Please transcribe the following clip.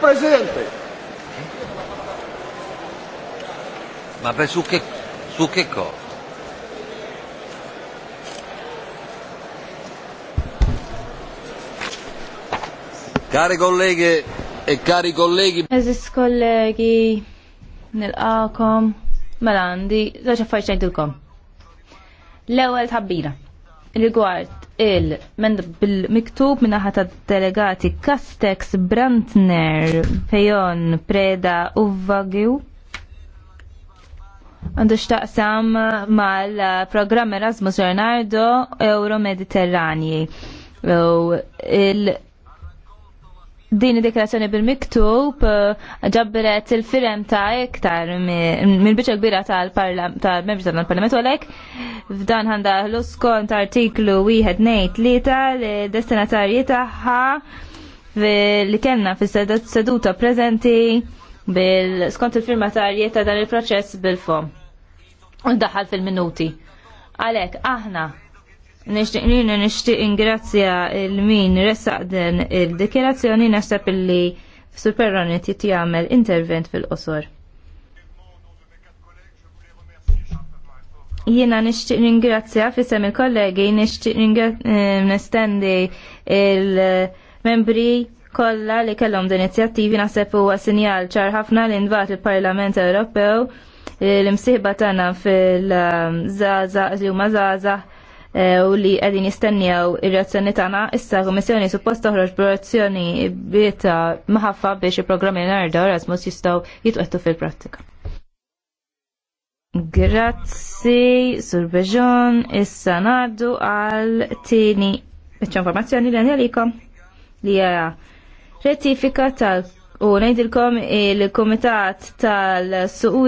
Presidente. Ma per su che, su che cosa? Cari colleghe e cari colleghi. Eżis kollegi, nil-għakom, malandi, mela zaċa fajċajdilkom. L-ewel tabbira, rigward il-mend bil-miktub minnaħa ta' delegati Castex, Brantner, Fejon, Preda u Vagiu. Għandu xtaqsam mal-programm Erasmus Leonardo Euro Mediterranji. il- din id-deklarazzjoni bil-miktub eh, ġabberet il-firem ta' iktar mill-biċa kbira tal-membri tal-parlament u għalek f'dan għanda l ta' artiklu 1-2-3 l-destinatarji taħħa li kellna fis-seduta prezenti bil-skont il firma ta' dan il-proċess bil-fom. U daħal fil-minuti. Għalek, aħna Nishtiqnina nixtieq ingrazzja il-min ressaq din il-dikjerazzjoni naħseb illi Sur Perroni ti jagħmel intervent fil-qosor. jiena nixtieq ingrazzja fissem il-kollegi, nixtieq eh, nestendi il-membri kollha li kellhom d-inizjattivi naħseb huwa sinjal ċar ħafna li nvat il-Parlament Ewropew eh, l-imsieħba tagħna fil-żaża eh, li huma zaza Eh, u li għedin jistennew ir-reazzjoni tagħna issa kommissjoni suppost toħroġ b'reazzjoni bieta maħaffa biex il-programmi narda Erasmus jistgħu jitqettu fil-prattika. Grazzi, Sur Beġon, issa naddu għal tini bieċa informazzjoni li għalikom li għara Retifika tal- u nejdilkom il-komitat tal-suqwi